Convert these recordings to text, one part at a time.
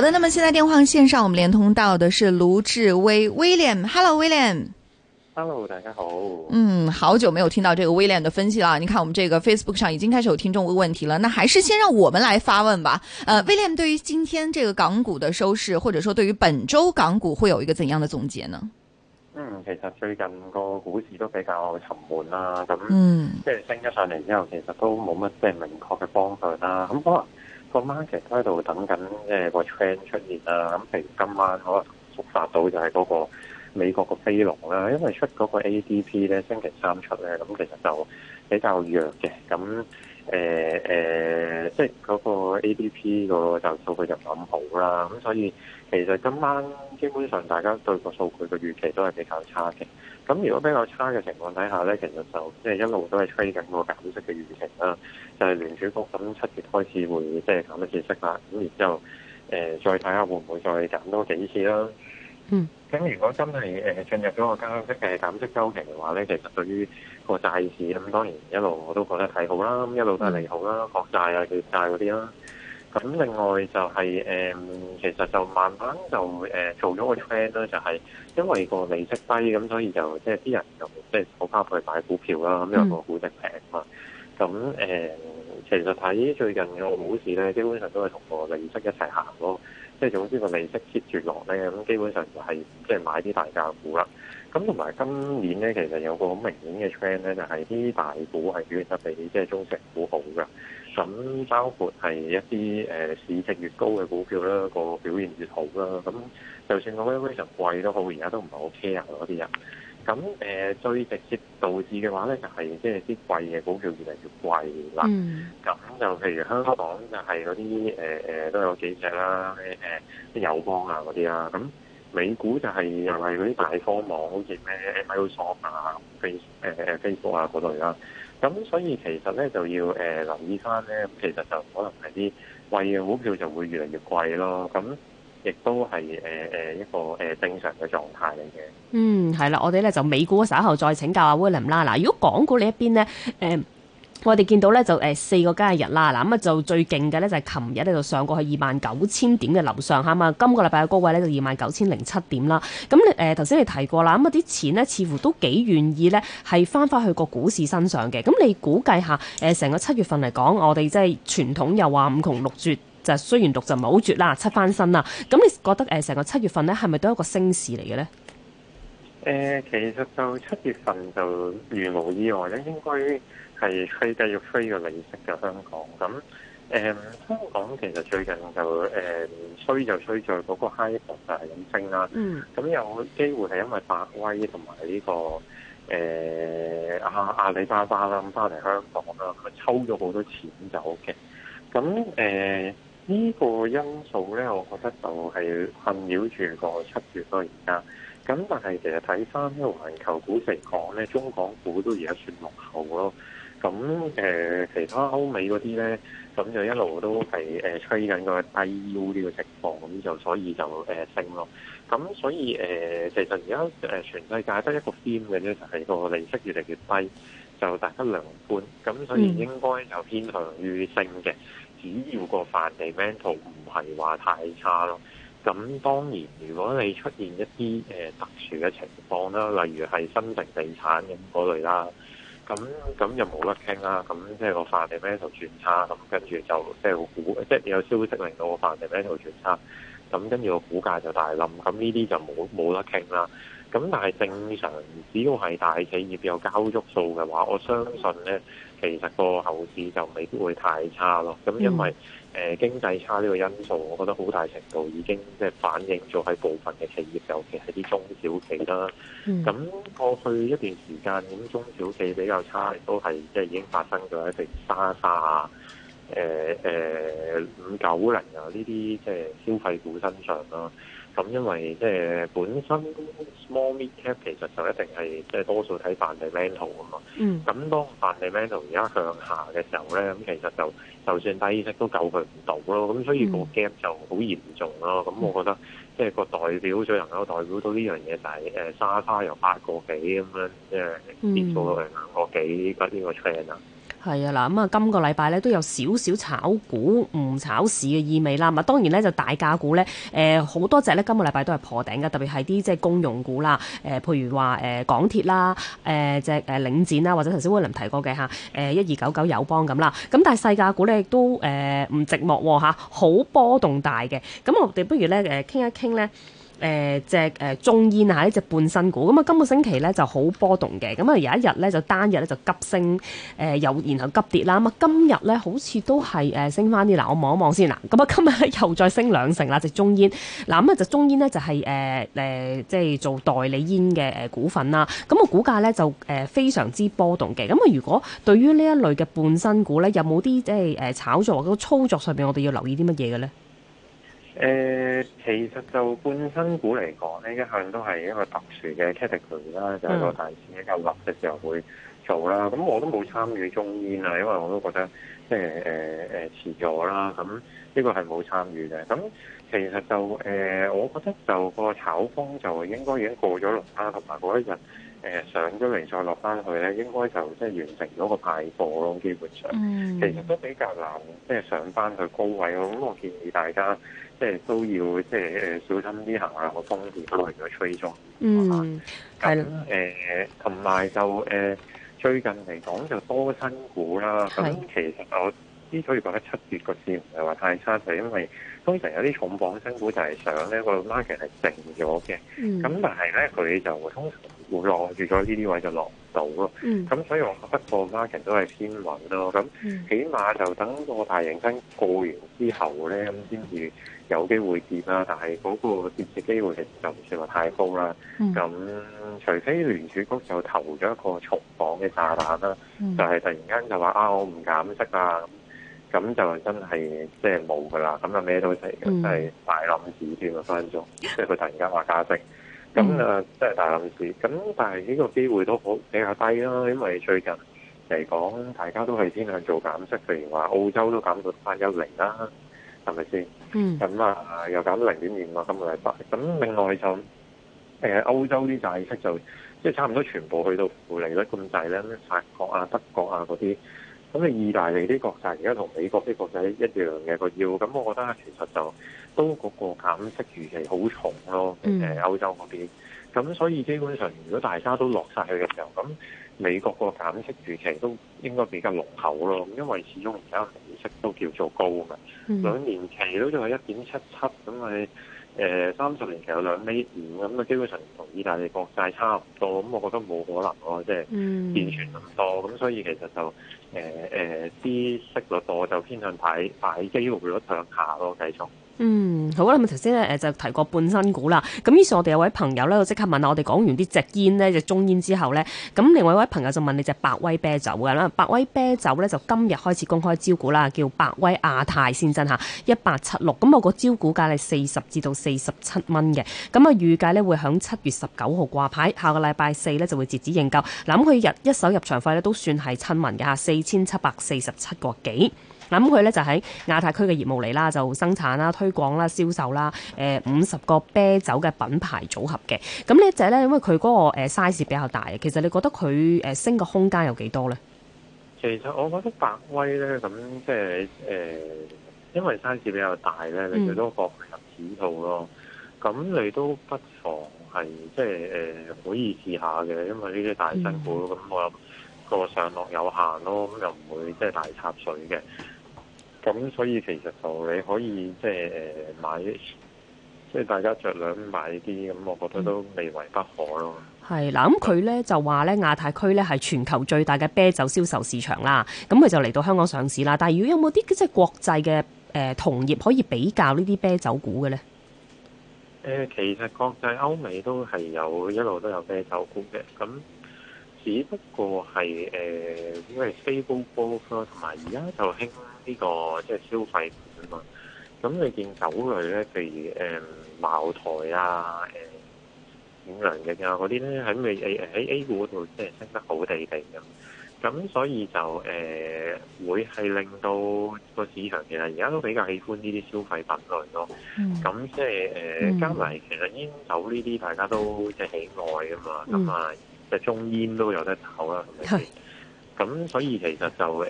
好的，那麼現在電話線上，我們連通到的是盧志威 William。Hello，William。Hello，大家好。嗯，好久沒有聽到這個 William 的分析啦。你看，我們這個 Facebook 上已經開始有聽眾問問題了。那還是先讓我們來發問吧。呃，William 對於今天這個港股的收市，或者說對於本周港股會有一個怎樣的總結呢？嗯，其實最近個股市都比較沉悶啦，咁，嗯，即係升咗上嚟之後，其實都冇乜即係明確嘅方向啦。咁可能。個 market 都喺度等緊、呃、trend 出現啦、啊，咁譬如今晚可能復發到就係嗰個美國個非農啦、啊，因為出嗰個 ADP 咧星期三出咧，咁、嗯、其實就比較弱嘅咁。嗯。誒誒、欸呃，即係嗰個 ADP 個就數據就唔咁好啦，咁所以其實今晚基本上大家對個數據嘅預期都係比較差嘅。咁如果比較差嘅情況底下咧，其實就即係一路都係吹緊個減息嘅預期啦，就係、是、聯儲局咁七月開始會即係減一次息啦，咁然之後誒再睇下會唔會再減多幾次啦。嗯。咁如果真係誒進入咗個加息嘅減息週期嘅話咧，其實對於個債市咁當然一路我都覺得睇好啦，咁一路都係利好啦，國債啊、企業債嗰啲啦。咁另外就係、是、誒，其實就慢慢就誒做咗個 trend 啦、就是，就係因為個利息低，咁所以就即係啲人就即係好怕盤買股票啦，咁因為個股值平啊。咁誒、嗯，其實睇最近個股市咧，基本上都係同個利息一齊行咯。即係總之個利息跌住落咧，咁基本上就係即係買啲大價股啦。咁同埋今年咧，其實有個好明顯嘅 trend 咧，就係、是、啲大股係表現得比即係中成股好嘅。咁包括係一啲誒市值越高嘅股票啦，個表現越好啦。咁就算個 valuation 貴都好，而家都唔係好 care 嗰啲人。咁誒、呃、最直接導致嘅話咧，就係即係啲貴嘅股票越嚟越貴啦。咁、mm. 就譬如香港就係嗰啲誒誒都有幾隻啦，誒誒啲友邦啊嗰啲啦。咁美股就係又係嗰啲大科網，好似咩 Microsoft 啊 Face,、呃、Facebook 啊嗰類啦。咁所以其實咧就要誒、呃、留意翻咧，其實就可能係啲貴嘅股票就會越嚟越貴咯。咁亦都係誒誒一個誒正常嘅狀態嚟嘅。嗯，係啦，我哋咧就美股稍後再請教阿 William 啦。嗱，如果港股你一邊咧，誒、呃，我哋見到咧就誒四個交易日啦。嗱，咁啊就最勁嘅咧就係琴日咧就上過去二萬九千點嘅樓上吓嘛。今個禮拜嘅高位咧就二萬九千零七點啦。咁誒，頭先你提過啦，咁啊啲錢咧似乎都幾願意咧係翻翻去個股市身上嘅。咁你估計下，誒成個七月份嚟講，我哋即係傳統又話五窮六絕。就雖然讀就唔係好絕啦，七翻身啦。咁你覺得誒成個七月份咧，係咪都係一個升市嚟嘅咧？誒、呃，其實就七月份就如無意外咧，應該係飛繼續飛嘅利息嘅香港。咁誒、呃，香港其實最近就誒、呃、衰就衰在嗰個 HIBOR 就係咁升啦。嗯，咁有機會係因為百威同埋呢個誒阿、呃、阿里巴巴啦咁翻嚟香港啦，佢抽咗好多錢走嘅。咁誒。呃呢個因素咧，我覺得就係困擾住個七月咯。而家咁，但係其實睇翻咧，環球股市嚟講咧，中港股都而家算落後咯。咁誒、呃，其他歐美嗰啲咧，咁就一路都係誒、呃、吹緊個低 U 呢個情況，咁就所以就誒升咯。咁、呃、所以誒、呃，其實而家誒全世界得一個偏嘅啫，就係、是、個利息越嚟越低，就大家樂觀，咁所以應該就偏向於升嘅。嗯只要個泛地 mental 唔係話太差咯，咁當然如果你出現一啲誒、呃、特殊嘅情況啦，例如係新城地產咁嗰類啦，咁咁又冇得傾啦。咁即係個泛地 mental 轉差，咁跟住就即係個股，即、就、係、是、有消息令到個泛地 mental 轉差，咁跟住個股價就大冧。咁呢啲就冇冇得傾啦。咁但係正常，只要係大企業有交足數嘅話，我相信呢。其實個後市就未必會太差咯，咁因為誒經濟差呢個因素，我覺得好大程度已經即係反映咗喺部分嘅企業，尤其係啲中小企啦。咁過去一段時間，咁中小企比較差，亦都係即係已經發生咗一啲沙沙啊、誒誒五九零啊呢啲即係消費股身上啦。咁因為即係本身 small mid cap 其實就一定係即係多數睇泛地 mental 啊嘛，咁、嗯、當泛地 mental 而家向下嘅時候咧，咁其實就就算低息都救佢唔到咯，咁所以個 gap 就好嚴重咯。咁、嗯、我覺得即係個代表作用咯，代表到呢樣嘢就係誒沙沙由八個、嗯、個幾咁樣即係跌咗成兩個幾吉呢個 channel。係啊，嗱咁啊，今個禮拜咧都有少少炒股唔炒市嘅意味啦。啊，當然咧就大價股咧，誒、呃、好多隻咧，今個禮拜都係破頂嘅，特別係啲即係公用股啦。誒、呃，譬如話誒、呃、港鐵啦，誒即係誒領展啦，或者頭先威廉提過嘅嚇，誒一二九九友邦咁啦。咁但係細價股咧亦、呃、都誒唔、呃、寂寞喎、啊，好、啊、波動大嘅。咁我哋不如咧誒傾一傾咧。誒隻誒中煙啊，呢隻半新股咁啊、嗯，今個星期咧就好波動嘅，咁、嗯、啊有一日咧就單日咧就急升，誒、呃、又然後急跌啦。咁、嗯、啊今日咧好似都係誒、呃、升翻啲。嗱，我望一望先啦。咁、嗯、啊今日又再升兩成啦，隻、啊、中煙。嗱、嗯，咁啊就中煙咧就係誒誒，即係做代理煙嘅誒股份啦。咁、嗯、個股價咧就誒、呃、非常之波動嘅。咁、嗯、啊，如果對於呢一類嘅半新股咧，有冇啲即係誒炒作或者操作上面，我哋要留意啲乜嘢嘅咧？誒，其實就半新股嚟講咧，一向都係一個特殊嘅 category 啦，就係個大市比較落嘅時候會做啦。咁我都冇參與中醫啦，因為我都覺得即係誒誒遲咗啦。咁呢個係冇參與嘅。咁其實就誒、呃，我覺得就個炒風就應該已經過咗龍卡同埋嗰一日誒上咗嚟再落翻去咧，應該就即係完成咗個派貨咯。基本上，其實都比較難即係、就是、上翻去高位咯。咁我建議大家。即係都要，即係誒小心啲行下。好風調都嚟咗吹咗。嗯，係咯。誒同埋就誒、呃、最近嚟講就多新股啦。咁的其實我之所以覺得七月個市唔係話太差，就係、因為通常有啲重磅新股就係上咧，個 market 係靜咗嘅。咁、嗯、但係咧佢就通常。會落住咗呢啲位就落唔到咯，咁、嗯、所以我覺得 market 其實都係偏穩咯。咁起碼就等到大型新過完之後咧，咁先至有機會跌啦。但係嗰個跌市機會其實就唔算話太高啦。咁、嗯、除非聯儲局就投咗一個重磅嘅炸彈啦，嗯、就係突然間就話啊我唔減息啊，咁就真係即係冇㗎啦。咁就咩都齊，咁係大冧市添啊，分鐘即係佢突然間話加息。咁啊，即係、嗯、大牛市。咁但係呢個機會都好比較低啦、啊，因為最近嚟講，大家都係偏向做減息。譬如話澳洲都減到翻一零啦，係咪先？咁啊、嗯，又減零點二五啊今個禮拜。咁另外就誒、呃、歐洲啲債息就即係、就是、差唔多全部去到負利率咁滯啦，法國啊、德國啊嗰啲。咁你意大利啲國債而家同美國啲國債一樣嘅個要，咁我覺得其實就。都個減息預期好重咯，誒、嗯呃、歐洲嗰邊，咁所以基本上如果大家都落晒去嘅時候，咁美國個減息預期都應該比較濃厚咯。因為始終而家息率都叫做高嘅，嗯、兩年期都仲係一點七七，咁係誒三十年期有兩釐點，咁啊基本上同意大利國債差唔多，咁我覺得冇可能咯，即係完全咁多，咁、嗯、所以其實就誒誒啲息率多，就偏向睇大機會會咗向下咯，繼續。嗯，好啦，咁頭先咧誒就提過半新股啦，咁於是，我哋有位朋友咧就即刻問我哋講完啲隻煙呢，就中煙之後呢。咁另外一位朋友就問你隻百威啤酒嘅啦，百威啤酒呢，就今日開始公開招股啦，叫百威亞太先生。嚇一八七六，咁我個招股價係四十至到四十七蚊嘅，咁啊預計呢會響七月十九號掛牌，下個禮拜四呢就會截止認購，嗱咁佢入一手入場費呢都算係親民嘅嚇，四千七百四十七個幾。咁佢咧就喺、是、亞太區嘅業務嚟啦，就生產啦、推廣啦、銷售啦，誒五十個啤酒嘅品牌組合嘅。咁、呃、呢一隻咧，因為佢嗰個 size 比較大嘅，其實你覺得佢誒升嘅空間有幾多咧？其實我覺得百威咧，咁即係誒，因為 size 比較大咧，你最多個入指數咯。咁、嗯、你都不妨係即係誒可以試下嘅，因為呢啲大新股咁，我諗個上落有限咯，咁又唔會即係、就是、大插水嘅。咁所以其實就你可以即係買，即、就、係、是、大家着兩買啲咁，我覺得都未為不可咯。係嗱，咁佢咧就話咧亞太區咧係全球最大嘅啤酒銷售市場啦。咁佢就嚟到香港上市啦。但係如果有冇啲即係國際嘅誒、呃、同業可以比較呢啲啤酒股嘅咧？誒、呃，其實國際歐美都係有一路都有啤酒股嘅，咁只不過係誒、呃，因為 Facebook 咯，同埋而家就興。呢、這個即係消費品啊嘛，咁你見酒類咧，譬如誒、呃、茅台啊、誒、呃、五糧液啊嗰啲咧，喺未 A 誒喺 A 股嗰度即係升得好地地咁，咁所以就誒、呃、會係令到個市場其實而家都比較喜歡呢啲消費品類咯。咁、嗯、即係誒、呃嗯、加埋其實煙酒呢啲大家都即係喜愛㗎嘛，咁啊即係中煙都有得炒啦。係的。咁所以其實就誒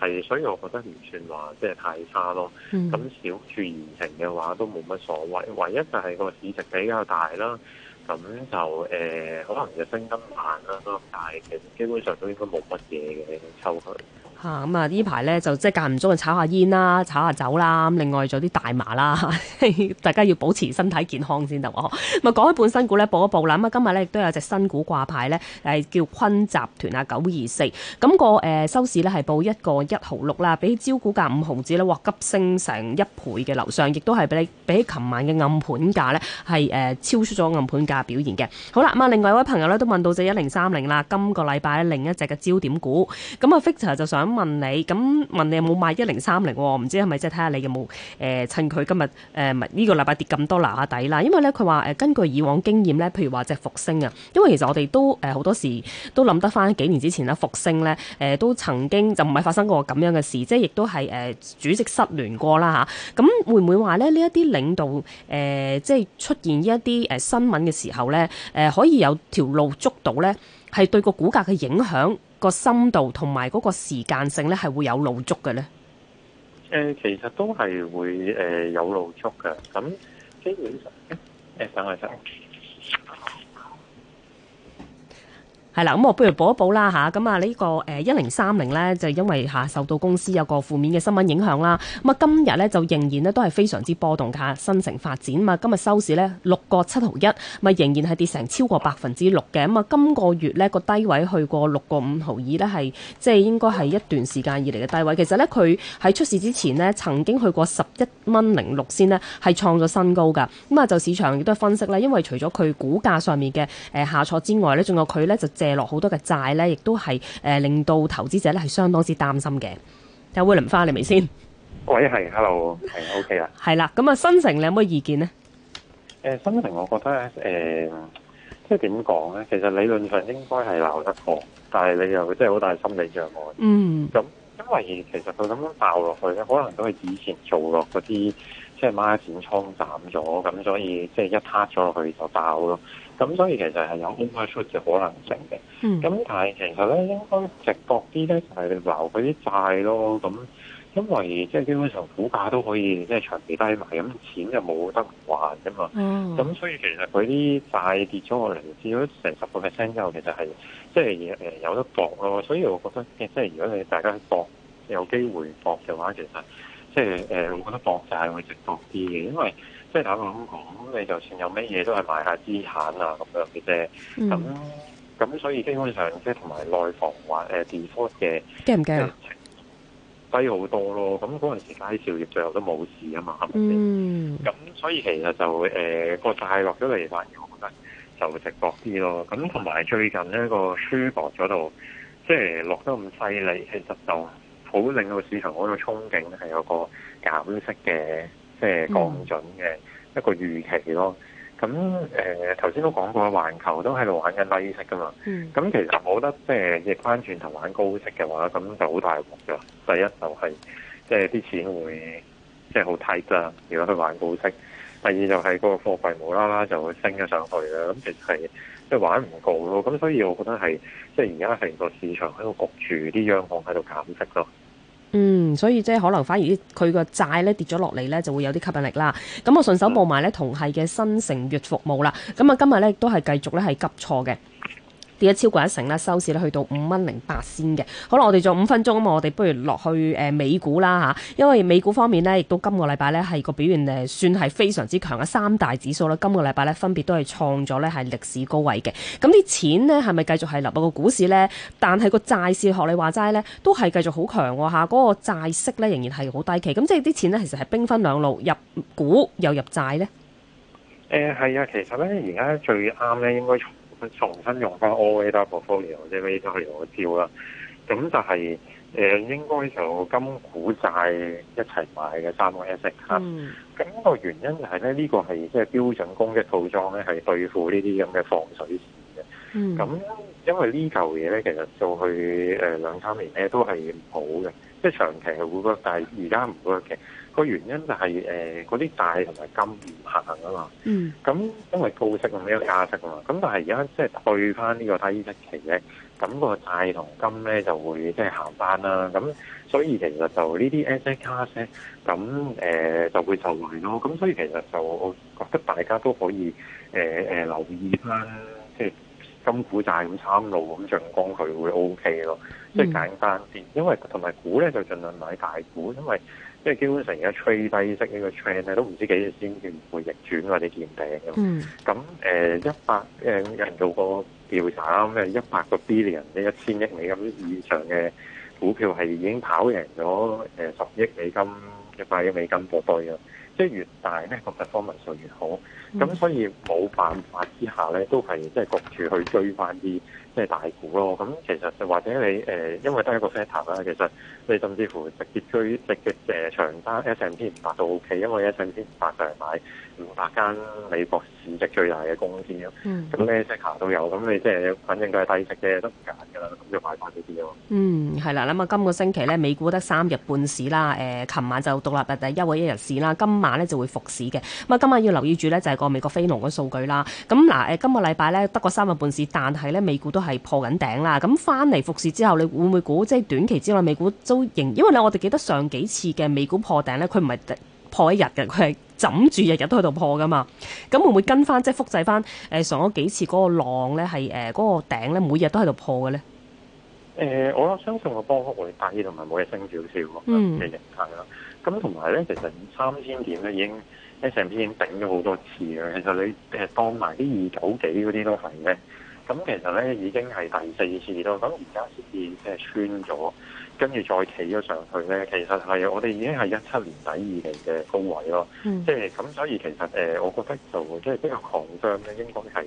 係，呃、所以我覺得唔算話即係太差咯。咁、嗯、小處怡情嘅話都冇乜所謂，唯一就係個市值比較大啦。咁就誒、呃、可能日升金行啦咁大，其實基本上都應該冇乜嘢嘅抽血。啊，咁啊呢排咧就即係間唔中啊炒下煙啦，炒下酒啦，咁另外做啲大麻啦， 大家要保持身體健康先得喎。咁啊講開半新股咧，報一報啦。咁啊今日咧亦都有隻新股掛牌咧，係叫坤集團啊九二四。咁、嗯、個誒、呃、收市咧係報一個一毫六啦，比起招股價五毫子咧，哇急升成一倍嘅樓上，亦都係俾你比起琴晚嘅暗盤價咧係誒超出咗暗盤價表現嘅。好啦，咁、嗯、啊另外一位朋友咧都問到隻一零三零啦，今個禮拜另一隻嘅焦點股。咁、嗯、啊 Victor、嗯、就想。問你咁，問你有冇買一零三零？唔知係咪即係睇下你有冇誒、呃、趁佢今日誒呢個禮拜跌咁多拿下底啦？因為咧佢話誒根據以往經驗咧，譬如話隻復星啊，因為其實我哋都誒好、呃、多時都諗得翻，幾年之前啦，復星咧誒都曾經就唔係發生過咁樣嘅事，即係亦都係誒、呃、主席失聯過啦，吓。咁、啊、會唔會話咧呢一啲領導誒、呃、即係出現呢一啲誒新聞嘅時候咧誒、呃、可以有條路捉到咧係對個股價嘅影響？個深度同埋嗰個時間性咧，係會有露足嘅咧。誒，其實都係會誒有露足嘅。咁，基偉，誒，等我一陣。係啦，咁、嗯、我不如補一補啦嚇，咁啊、這個呃、2030，呢個誒一零三零咧，就因為嚇、啊、受到公司有個負面嘅新聞影響啦。咁啊今日咧就仍然咧都係非常之波動噶、啊，新城發展啊嘛，今日收市咧六個七毫一，咪、啊、仍然係跌成超過百分之六嘅。咁啊，啊今個月咧個低位去過六個五毫二咧，係即係應該係一段時間以嚟嘅低位。其實咧佢喺出事之前呢，曾經去過十一蚊零六先呢，係創咗新高㗎。咁啊就市場亦都係分析啦，因為除咗佢股價上面嘅誒下挫之外咧，仲有佢咧就。借落好多嘅債咧，亦都係誒、呃、令到投資者咧係相當之擔心嘅。看看有威廉花，你明先？喂係，hello，係，OK 啦。係啦，咁、嗯、啊，新城你有冇意見呢？誒、呃，新城，我覺得誒、呃，即係點講咧？其實理論上應該係撈得過，但係你又會真係好大心理障礙。嗯。咁因為其實佢咁樣爆落去咧，可能都係以前做落嗰啲即係孖展剪倉斬咗，咁所以即係一撻咗落去就爆咯。咁、嗯、所以其實係有 open 嘅可能性嘅。咁但係其實咧應該值博啲咧，就係留佢啲債咯。咁因為即係基本上股價都可以即係、就是、長期低埋，咁錢就冇得還啫嘛。咁、嗯、所以其實佢啲債跌咗落嚟，至咗成十個 percent 之後，其實係即係誒有得搏咯。所以我覺得，即係如果你大家搏，有機會搏嘅話，其實即係誒，我覺得博債會值博啲嘅，因為。即係坦白咁講，你就算有咩嘢都係買下資產啊，咁樣嘅啫。咁咁、嗯、所以基本上即係同埋內房或誒、呃、default 嘅、呃、低好多咯。咁嗰陣時介紹業最後都冇事啊嘛。嗯。咁所以其實就誒個債落咗嚟，反而我覺得就值博啲咯。咁同埋最近呢個 s 薄 p 度即係落得咁犀利其實就，好令到市場有個憧憬係有個減息嘅。即係降準嘅一個預期咯。咁誒頭先都講過，環球都喺度玩緊低息噶嘛。咁其實我覺得即係翻轉頭玩高息嘅話，咁就好大鑊嘅。第一就係即係啲錢會即係好 tight 啦，如果去玩高息。第二就係個貨幣無啦啦就會升咗上去啦。咁其實係即係玩唔過咯。咁所以我覺得係即係而家成個市場喺度焗住啲央行喺度減息咯。嗯，所以即係可能反而佢個債咧跌咗落嚟咧，就會有啲吸引力啦。咁、嗯、我順手報埋咧同系嘅新城悅服務啦。咁、嗯、啊，今日咧都係繼續咧係急挫嘅。跌咗超過一成啦，收市咧去到五蚊零八仙嘅。好啦，我哋仲五分鐘啊嘛，我哋不如落去誒美股啦嚇，因為美股方面呢，亦都今個禮拜呢，係個表現誒，算係非常之強嘅。三大指數咧，今個禮拜呢，分別都係創咗呢係歷史高位嘅。咁啲錢呢，係咪繼續係流入個股市呢？但係個債市學你話齋呢，都係繼續好強喎嚇，嗰、那個債息呢，仍然係好低企。咁即係啲錢呢，其實係兵分兩路，入股又入債呢。誒係啊，其實呢，而家最啱呢應該。重新用翻 all weather portfolio 或者 portfolio 嘅招啦，咁就係、是、誒、呃、應該就金股債一齊買嘅三個 S 式嚇。咁、嗯、個原因就係咧，呢、這個係即係標準攻擊套裝咧，係對付呢啲咁嘅放水市嘅。咁、嗯、因為呢嚿嘢咧，其實做去誒兩三年咧都係唔好嘅，即係長期係會覺得，但係而家唔覺得嘅。個原因就係誒嗰啲債同埋金唔行啊嘛，咁、嗯、因為高息啊嘛，有加息啊嘛，咁但係而家即係對翻呢個低息期咧，咁、個債同金咧就會即係行翻啦，咁所以其實就呢啲 asset class 咁誒就會受惠咯，咁所以其實就我覺得大家都可以誒誒、呃呃、留意翻即係金股債咁三路咁進攻佢會 OK 咯，即係簡單啲，嗯、因為同埋股咧就儘量買大股，因為即係基本上而家吹低式呢個 trend 咧，都唔知幾時先會逆轉或者見頂咁。咁誒一百誒有人做過調查，咩一百個 billion，即一千億美金以上嘅股票係已經跑贏咗誒十億美金、一百億美金嗰堆咯。即係越大咧、個 performance 數越好。咁所、嗯、以冇辦法之下咧，都係即係焗住去追翻啲即係大股咯。咁、嗯嗯、其實就或者你誒、呃，因為得一個 sector 啦，其實你甚至乎直接追直接借長單 S&P 五百到企，因為 S&P 五百就係買五百間美國市值最大嘅公司咁。咁咧 sector 都有，咁你即係反正佢係低息嘅，都唔揀㗎啦，咁就買翻呢啲咯。嗯，係啦，咁啊今個星期咧，美股得三日半市啦。誒、呃，琴晚就獨立日第一位一日市啦，今晚咧就會復市嘅。咁啊，今晚要留意住咧就係。個美國非農嘅數據啦，咁嗱誒，今個禮拜咧得個三個半市，但係咧美股都係破緊頂啦。咁翻嚟復市之後，你會唔會估即係短期之內美股都仍？因為咧我哋記得上幾次嘅美股破頂咧，佢唔係破一日嘅，佢係枕住日日都喺度破噶嘛。咁、啊、會唔會跟翻即係複製翻誒上嗰幾次嗰個浪咧？係誒嗰個頂咧，每日都喺度破嘅咧？誒，我相信個波幅會大，同埋冇嘢升少少嘅形態啦。咁同埋咧，其實 3, 三千點咧已經。即係成篇頂咗好多次嘅，其實你誒當埋啲二九幾嗰啲都係嘅，咁其實咧已經係第四次咯。咁而家先至誒穿咗，跟住再企咗上去咧，其實係我哋已經係一七年底以嚟嘅高位咯。嗯，即係咁，所以其實誒，我覺得就即係比較狂漲咧，應該係。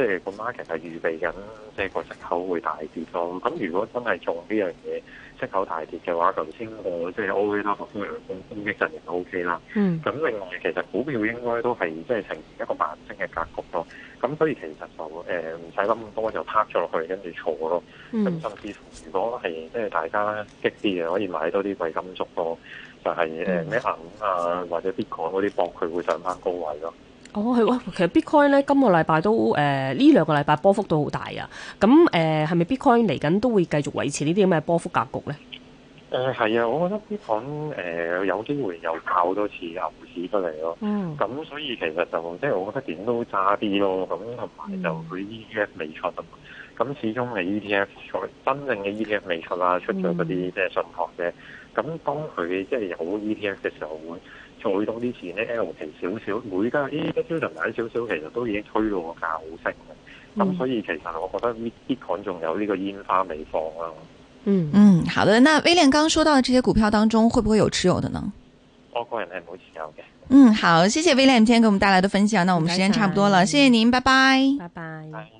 即係個 market 係預備緊，即係個息口會大跌咯。咁如果真係做呢樣嘢，息口大跌嘅話，頭先個即係 O K 啦，頭先嘅攻攻擊陣營 O K 啦。嗯。咁另外其實股票應該都係即係呈現一個慢升嘅格局咯。咁所以其實就誒唔使諗咁多，就拋咗落去，跟住坐咯。咁甚至乎如果係即係大家激啲嘅，可以買多啲貴金屬咯，就係誒咩銀啊或者啲港嗰啲，博，佢會上翻高位咯。哦，係其實 Bitcoin 咧，今個禮拜都誒呢兩個禮拜波幅都好大啊！咁、呃、誒係咪 Bitcoin 嚟緊都會繼續維持呢啲咁嘅波幅格局咧？誒係啊，我覺得 Bitcoin 誒有機會又搞多次牛市出嚟咯。嗯，咁所以其實就即係我覺得點都差啲咯。咁同埋就佢 E T F 未出得，咁始終係 E T F 出真正嘅 E T F 未出啦，出咗嗰啲即係信託嘅。咁當佢即係有 E T F 嘅時候。再多啲錢咧，L 期少少，每間呢一超人減少少，欸嗯、其實都已經吹到個價好升嘅。咁所以其實我覺得呢 i t 仲有呢個煙花未放啦。嗯嗯，嗯好的。那威廉剛剛說到嘅這些股票當中，會不會有持有的呢？我、哦、個人係冇持有嘅。嗯，好，謝謝威廉今天給我們帶來的分析。那我們時間差不多了，謝謝，謝謝您，拜拜，拜拜。